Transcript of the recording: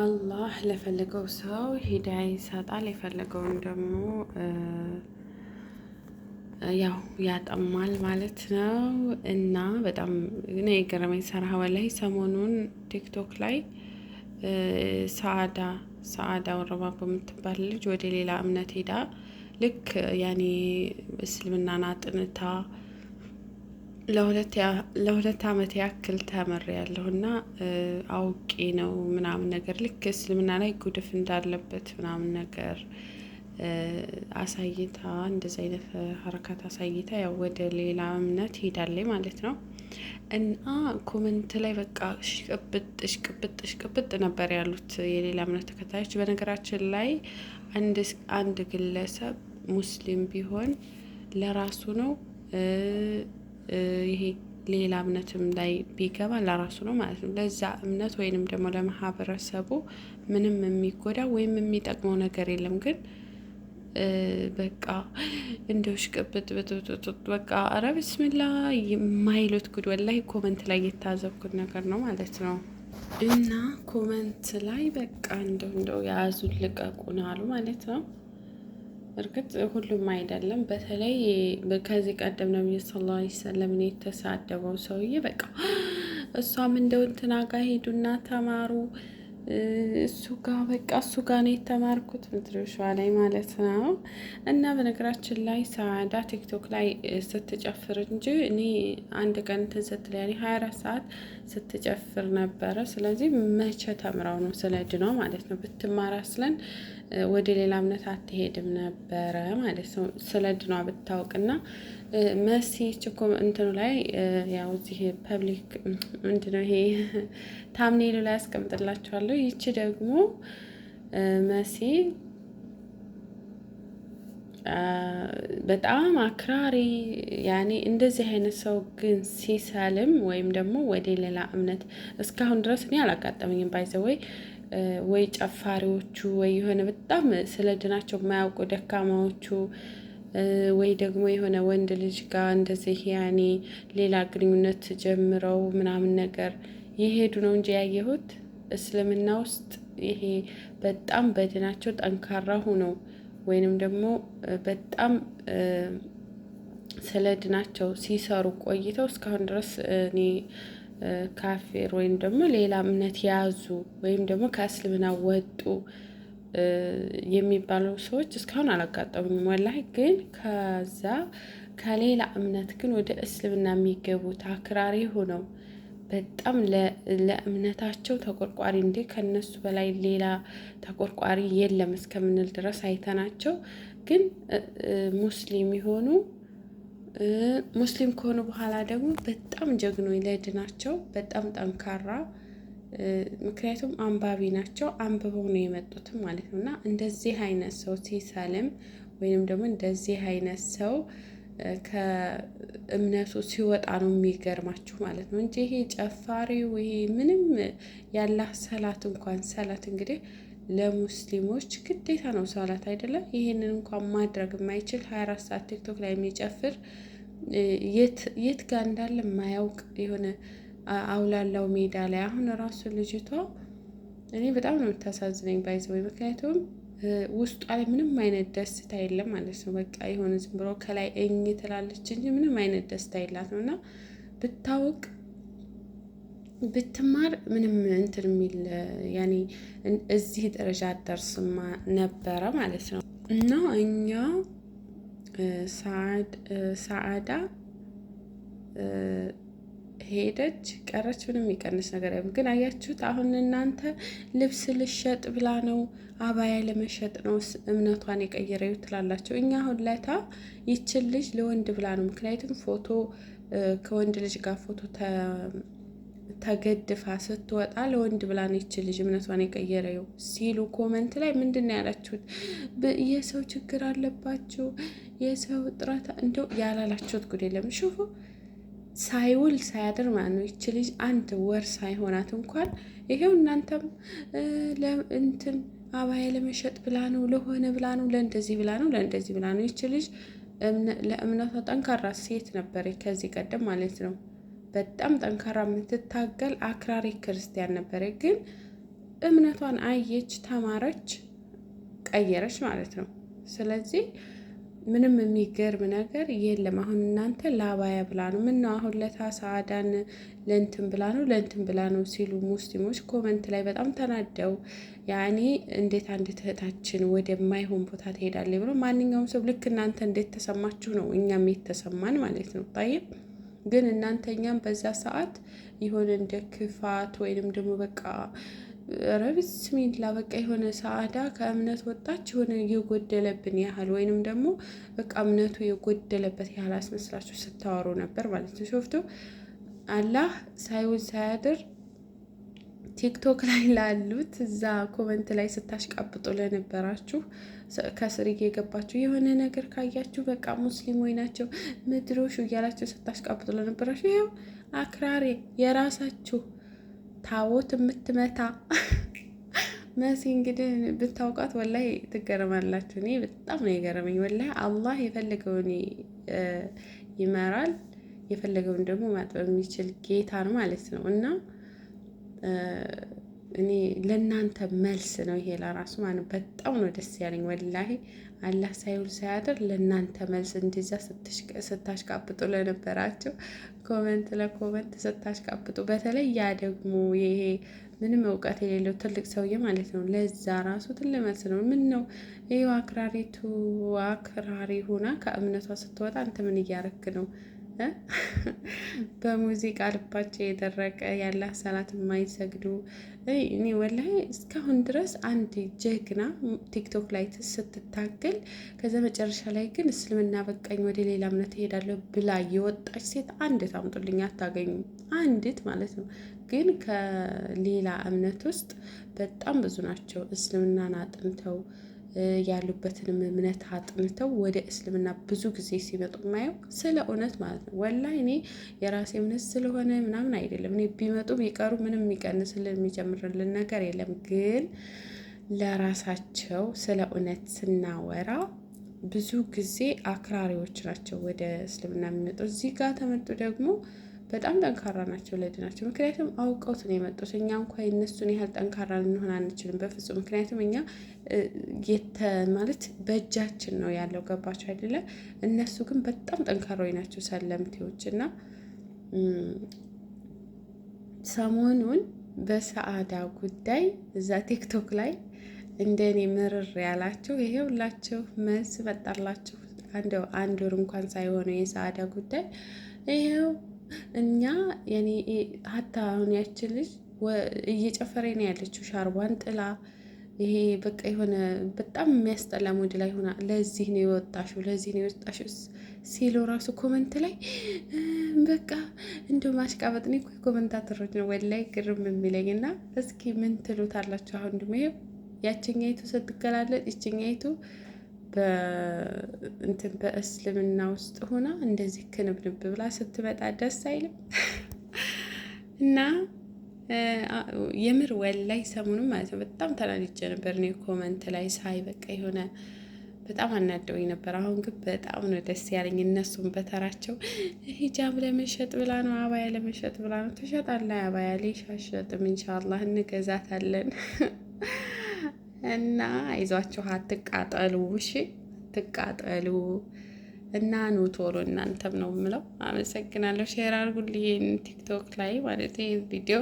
አላህ ለፈለገው ሰው ሂዳያ ይሰጣል፣ የፈለገውን ደግሞ ያው ያጠማል ማለት ነው። እና በጣም ግን የገረመኝ ሰራ ላይ ሰሞኑን ቲክቶክ ላይ ሰአዳ ሰአዳ ወረባ በምትባል ልጅ ወደ ሌላ እምነት ሄዳ ልክ ያኔ እስልምናን አጥንታ ለሁለት ዓመት ያክል ተምሬያለሁ እና አውቄ ነው ምናምን ነገር ልክ እስልምና ላይ ጉድፍ እንዳለበት ምናምን ነገር አሳይታ እንደዚ አይነት ሀረካት አሳይታ ያው ወደ ሌላ እምነት ሄዳለች ማለት ነው። እና ኮመንት ላይ በቃ ሽቅብጥ እሽቅብጥ እሽቅብጥ ነበር ያሉት የሌላ እምነት ተከታዮች። በነገራችን ላይ አንድ ግለሰብ ሙስሊም ቢሆን ለራሱ ነው ይሄ ሌላ እምነትም ላይ ቢገባ ለራሱ ነው ማለት ነው። ለዛ እምነት ወይንም ደግሞ ለማህበረሰቡ ምንም የሚጎዳ ወይም የሚጠቅመው ነገር የለም። ግን በቃ እንደውሽ ቅብጥ ብጥብጥጥ በቃ አረ ብስምላ የማይሉት ጉድ ወላሂ ኮመንት ላይ የታዘብኩት ነገር ነው ማለት ነው። እና ኮመንት ላይ በቃ እንደው እንደው የያዙን ልቀቁን አሉ ማለት ነው። እርግጥ ሁሉም አይደለም። በተለይ ከዚህ ቀደም ነብዩ ሰለላሁ ዐለይሂ ወሰለም የተሳደበው ሰውዬ በቃ እሷም እንደው እንትና ጋ ሂዱና ተማሩ እሱ ጋ በቃ እሱ ጋ ነው የተማርኩት ምድርሻ ላይ ማለት ነው። እና በነገራችን ላይ ሰዓዳ ቲክቶክ ላይ ስትጨፍር እንጂ እኔ አንድ ቀን እንትን ስትለያኔ ሀያ አራት ሰዓት ስትጨፍር ነበረ። ስለዚህ መቼ ተምረው ነው ስለ ድነው ማለት ነው ብትማራ ስለን ወደ ሌላ እምነት አትሄድም ነበረ ማለት ነው። ስለ ድኗ ብታውቅና መሲ ችኮ እንትኑ ላይ ያው እዚህ ፐብሊክ ምንድነው ይሄ ታምኔሉ ላይ ያስቀምጥላችኋለሁ። ይቺ ደግሞ መሲ በጣም አክራሪ ያኔ እንደዚህ አይነት ሰው ግን ሲሰልም ወይም ደግሞ ወደ ሌላ እምነት እስካሁን ድረስ እኔ አላጋጠመኝም። ባይዘ ወይ ጨፋሪዎቹ ወይ የሆነ በጣም ስለ ድናቸው የማያውቁ ደካማዎቹ ወይ ደግሞ የሆነ ወንድ ልጅ ጋር እንደዚህ ያኔ ሌላ ግንኙነት ጀምረው ምናምን ነገር የሄዱ ነው እንጂ ያየሁት እስልምና ውስጥ ይሄ በጣም በድናቸው ጠንካራ ሁነው ወይንም ደግሞ በጣም ስለድ ናቸው ሲሰሩ ቆይተው እስካሁን ድረስ እኔ ካፌር ወይም ደግሞ ሌላ እምነት የያዙ ወይም ደግሞ ከእስልምና ወጡ የሚባሉ ሰዎች እስካሁን አላጋጠሙኝም። ወላሂ ግን ከዛ ከሌላ እምነት ግን ወደ እስልምና የሚገቡት አክራሪ ሆነው በጣም ለእምነታቸው ተቆርቋሪ እንዴ ከነሱ በላይ ሌላ ተቆርቋሪ የለም እስከምንል ድረስ አይተናቸው። ግን ሙስሊም የሆኑ ሙስሊም ከሆኑ በኋላ ደግሞ በጣም ጀግኖ ለድናቸው በጣም ጠንካራ ምክንያቱም አንባቢ ናቸው። አንብበው ነው የመጡትም ማለት ነው እና እንደዚህ አይነት ሰው ሲሳልም ወይንም ደግሞ እንደዚህ አይነት ሰው ከእምነቱ ሲወጣ ነው የሚገርማችሁ ማለት ነው እንጂ ይሄ ጨፋሪው ይሄ ምንም ያላህ ሰላት እንኳን ሰላት እንግዲህ ለሙስሊሞች ግዴታ ነው ሰላት አይደለም። ይሄንን እንኳን ማድረግ የማይችል ሀያ አራት ሰዓት ቲክቶክ ላይ የሚጨፍር የት ጋር እንዳለ የማያውቅ የሆነ አውላላው ሜዳ ላይ አሁን ራሱ ልጅቷ እኔ በጣም ነው የምታሳዝነኝ ባይዘ ወይ ምክንያቱም ውስጧ ላይ ምንም አይነት ደስታ የለም ማለት ነው። በቃ የሆነ ዝም ብሎ ከላይ እኝ ትላለች እንጂ ምንም አይነት ደስታ የላት ነው እና ብታወቅ ብትማር ምንም እንትን የሚል ያኔ እዚህ ደረጃ አደርስማ ነበረ ማለት ነው እና እኛ ሰአዳ ሄደች ቀረች፣ ምንም የሚቀንስ ነገር አይም። ግን አያችሁት? አሁን እናንተ ልብስ ልሸጥ ብላ ነው አባያ ለመሸጥ ነው እምነቷን የቀየረው ትላላቸው። እኛ አሁን ለታ ይችን ልጅ ለወንድ ብላ ነው። ምክንያቱም ፎቶ ከወንድ ልጅ ጋር ፎቶ ተገድፋ ስትወጣ ለወንድ ብላ ነው ይች ልጅ እምነቷን የቀየረው ሲሉ ኮመንት ላይ ምንድን ነው ያላችሁት? የሰው ችግር አለባችሁ፣ የሰው ጥረት እንደው ያላላችሁት ጉድ የለም ሹፉ ሳይውል ሳያድር ማለት ነው። ይች ልጅ አንድ ወር ሳይሆናት እንኳን ይሄው እናንተም እንትን አባያ ለመሸጥ ብላ ነው፣ ለሆነ ብላ ነው፣ ለእንደዚህ ብላ ነው፣ ለእንደዚህ ብላ ነው። ይች ልጅ ለእምነቷ ጠንካራ ሴት ነበረች ከዚህ ቀደም ማለት ነው። በጣም ጠንካራ የምትታገል አክራሪ ክርስቲያን ነበረ። ግን እምነቷን አየች፣ ተማረች፣ ቀየረች ማለት ነው። ስለዚህ ምንም የሚገርም ነገር የለም። አሁን እናንተ ላባያ ብላ ነው ምነው አሁን ለታሳ አዳን ለንትን ብላ ነው ለንትን ብላ ነው ሲሉ ሙስሊሞች ኮመንት ላይ በጣም ተናደው ያኔ እንዴት አንድ እህታችን ወደማይሆን ቦታ ትሄዳለች ብሎ ማንኛውም ሰው ልክ እናንተ እንዴት ተሰማችሁ ነው እኛም የተሰማን ማለት ነው። ታይም ግን እናንተ እኛም በዛ ሰዓት ይሆን እንደ ክፋት ወይንም ደግሞ በቃ ረቢት ስሚላ በቃ የሆነ ሰአዳ ከእምነት ወጣች የሆነ የጎደለብን ያህል ወይንም ደግሞ በቃ እምነቱ የጎደለበት ያህል አስመስላችሁ ስታወሩ ነበር ማለት ነው። ሾፍቶ አላህ ሳይውል ሳያድር ቲክቶክ ላይ ላሉት እዛ ኮመንት ላይ ስታሽቃብጡ ለነበራችሁ ከስር እየገባችሁ የሆነ ነገር ካያችሁ በቃ ሙስሊም ወይ ናቸው ምድሮሹ እያላችሁ ስታሽቃብጡ ለነበራችሁ ይኸው አክራሪ የራሳችሁ ታቦት የምትመታ መሲ እንግዲህ ብታውቃት ወላሂ ትገረማላችሁ። እኔ በጣም ነው የገረመኝ ወላሂ። አላህ የፈለገውን ይመራል፣ የፈለገውን ደግሞ ማጥበብ የሚችል ጌታ ነው ማለት ነው እና እኔ ለእናንተ መልስ ነው ይሄ ለራሱ ማለት በጣም ነው ደስ ያለኝ። ወላሂ አላህ ሳይውል ሳያድር ለእናንተ መልስ እንደዚያ ስታሽቃብጡ ለነበራችሁ ኮመንት ለኮመንት ስታሽቃብጡ፣ በተለይ ያ ደግሞ ይሄ ምንም እውቀት የሌለው ትልቅ ሰውዬ ማለት ነው። ለዛ ራሱ ትልቅ መልስ ነው። ምን ነው ይኸው አክራሪቱ አክራሪ ሁና ከእምነቷ ስትወጣ አንተ ምን እያረክ ነው? በሙዚቃ ልባቸው የደረቀ ያላህ ሰላት የማይሰግዱ እኔ ወላሂ እስካሁን ድረስ አንድ ጀግና ቲክቶክ ላይ ስትታገል ከዛ መጨረሻ ላይ ግን እስልምና በቃኝ ወደ ሌላ እምነት እሄዳለሁ ብላ የወጣች ሴት አንዲት አምጡልኝ አታገኙም። አንዲት ማለት ነው። ግን ከሌላ እምነት ውስጥ በጣም ብዙ ናቸው እስልምናን አጥንተው ያሉበትንም እምነት አጥንተው ወደ እስልምና ብዙ ጊዜ ሲመጡ የማየው ስለ እውነት ማለት ነው። ወላ እኔ የራሴ እምነት ስለሆነ ምናምን አይደለም። እኔ ቢመጡ ቢቀሩ ምንም የሚቀንስልን የሚጨምርልን ነገር የለም። ግን ለራሳቸው ስለ እውነት ስናወራ ብዙ ጊዜ አክራሪዎች ናቸው ወደ እስልምና የሚመጡ። እዚህ ጋር ተመጡ ደግሞ በጣም ጠንካራ ናቸው ለድ ናቸው ምክንያቱም አውቀውት ነው የመጡት። እኛ እንኳ የነሱን ያህል ጠንካራ ልንሆን አንችልም በፍጹም። ምክንያቱም እኛ የተ ማለት በእጃችን ነው ያለው። ገባቸው አይደለ? እነሱ ግን በጣም ጠንካራዊ ናቸው ሰለምቴዎች። እና ሰሞኑን በሰአዳ ጉዳይ እዛ ቲክቶክ ላይ እንደኔ ምርር ያላችሁ ሁላችሁ መልስ መጣላችሁ። አንድ ወር እንኳን ሳይሆነው የሰአዳ ጉዳይ ይሄው እኛ የኔ ሀታ አሁን ያችን ልጅ እየጨፈረ ነው ያለችው፣ ሻርቧን ጥላ ይሄ በቃ የሆነ በጣም የሚያስጠላ ሞድ ላይ ሆና ለዚህ ነው የወጣሽው፣ ለዚህ ነው የወጣሽው ሲሉ ራሱ ኮመንት ላይ በቃ እንደው ማሽቃበጥ ነው እኮ ኮመንታተሮች ነው ወላይ ግርም የሚለኝ እና እስኪ ምን ትሉታላችሁ? አሁን ድሞ ይሄው ያችኛይቱ ስትገላለጥ ይችኛይቱ በእንትን በእስልምና ውስጥ ሆና እንደዚህ ክንብንብ ብላ ስትመጣ ደስ አይልም። እና የምር ወላይ ሰሞኑን ማለት ነው በጣም ተናድጄ ነበር እኔ ኮመንት ላይ ሳይ በቃ የሆነ በጣም አናደውኝ ነበር። አሁን ግን በጣም ነው ደስ ያለኝ። እነሱም በተራቸው ሂጃብ ለመሸጥ ብላ ነው፣ አባያ ለመሸጥ ብላ ነው። ትሸጣለህ አባያ ላይ ሻሸጥም ኢንሻላህ እንገዛታለን። እና አይዟችሁ፣ አትቃጠሉ። እሺ አትቃጠሉ። እና ኑ ቶሎ እናንተም ነው የምለው። አመሰግናለሁ። ሼር አድርጉልኝ ቲክቶክ ላይ ማለት ይህ ቪዲዮ